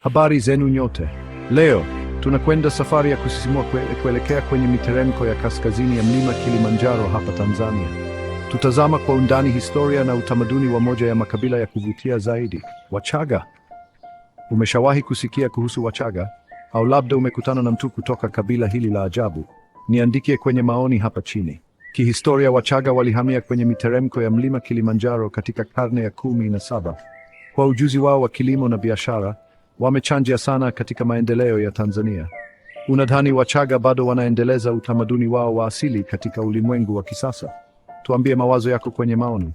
Habari zenu nyote. Leo tunakwenda safari ya kusisimua kuelekea kwenye miteremko ya kaskazini ya mlima Kilimanjaro hapa Tanzania. Tutazama kwa undani historia na utamaduni wa moja ya makabila ya kuvutia zaidi, Wachaga. Umeshawahi kusikia kuhusu Wachaga au labda umekutana na mtu kutoka kabila hili la ajabu? Niandikie kwenye maoni hapa chini. Kihistoria, Wachaga walihamia kwenye miteremko ya mlima Kilimanjaro katika karne ya kumi na saba kwa ujuzi wao wa kilimo na biashara wamechangia sana katika maendeleo ya Tanzania. Unadhani Wachaga bado wanaendeleza utamaduni wao wa asili katika ulimwengu wa kisasa? Tuambie mawazo yako kwenye maoni.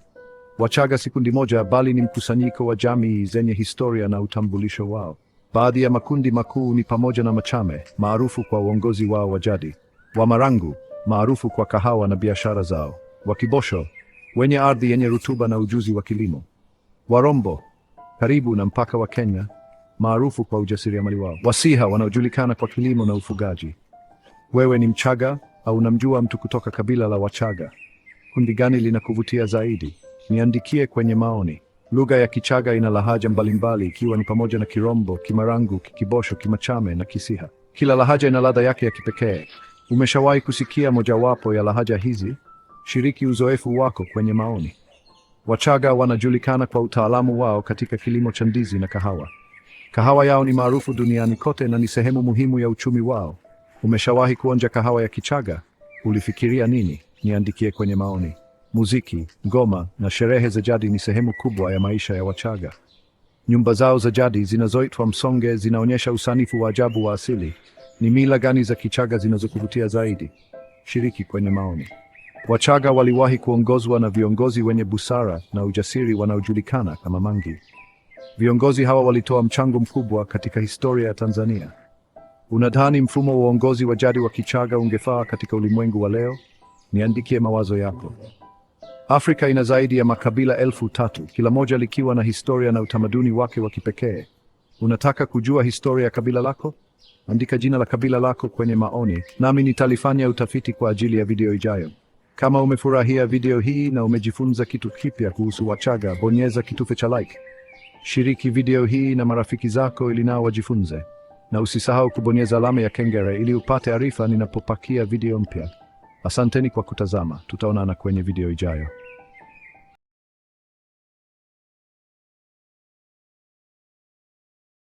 Wachaga si kundi moja, bali ni mkusanyiko wa jamii zenye historia na utambulisho wao. Baadhi ya makundi makuu ni pamoja na Machame, maarufu kwa uongozi wao wa jadi, Wamarangu, maarufu kwa kahawa na biashara zao, Wakibosho, wenye ardhi yenye rutuba na ujuzi wa kilimo, Warombo, karibu na mpaka wa Kenya, maarufu kwa ujasiriamali wao, Wasiha wanaojulikana kwa kilimo na ufugaji. Wewe ni Mchaga au unamjua mtu kutoka kabila la Wachaga? Kundi gani linakuvutia zaidi? Niandikie kwenye maoni. Lugha ya Kichaga ina lahaja mbalimbali, ikiwa ni pamoja na Kirombo, Kimarangu, Kikibosho, Kimachame na Kisiha. Kila lahaja ina ladha yake ya kipekee. Umeshawahi kusikia mojawapo ya lahaja hizi? Shiriki uzoefu wako kwenye maoni. Wachaga wanajulikana kwa utaalamu wao katika kilimo cha ndizi na kahawa. Kahawa yao ni maarufu duniani kote na ni sehemu muhimu ya uchumi wao. Umeshawahi kuonja kahawa ya Kichaga? Ulifikiria nini? Niandikie kwenye maoni. Muziki, ngoma na sherehe za jadi ni sehemu kubwa ya maisha ya Wachaga. Nyumba zao za jadi zinazoitwa msonge zinaonyesha usanifu wa ajabu wa asili. Ni mila gani za Kichaga zinazokuvutia zaidi? Shiriki kwenye maoni. Wachaga waliwahi kuongozwa na viongozi wenye busara na ujasiri wanaojulikana kama mangi. Viongozi hawa walitoa mchango mkubwa katika historia ya Tanzania. Unadhani mfumo wa uongozi wa jadi wa Kichaga ungefaa katika ulimwengu wa leo? Niandikie mawazo yako. Afrika ina zaidi ya makabila elfu tatu, kila moja likiwa na historia na utamaduni wake wa kipekee. Unataka kujua historia ya kabila lako? Andika jina la kabila lako kwenye maoni, nami nitalifanya utafiti kwa ajili ya video ijayo. Kama umefurahia video hii na umejifunza kitu kipya kuhusu wachaga bonyeza kitufe cha like. Shiriki video hii na marafiki zako ili nao wajifunze, na usisahau kubonyeza alama ya kengele ili upate arifa ninapopakia video mpya. Asanteni kwa kutazama, tutaonana kwenye video ijayo.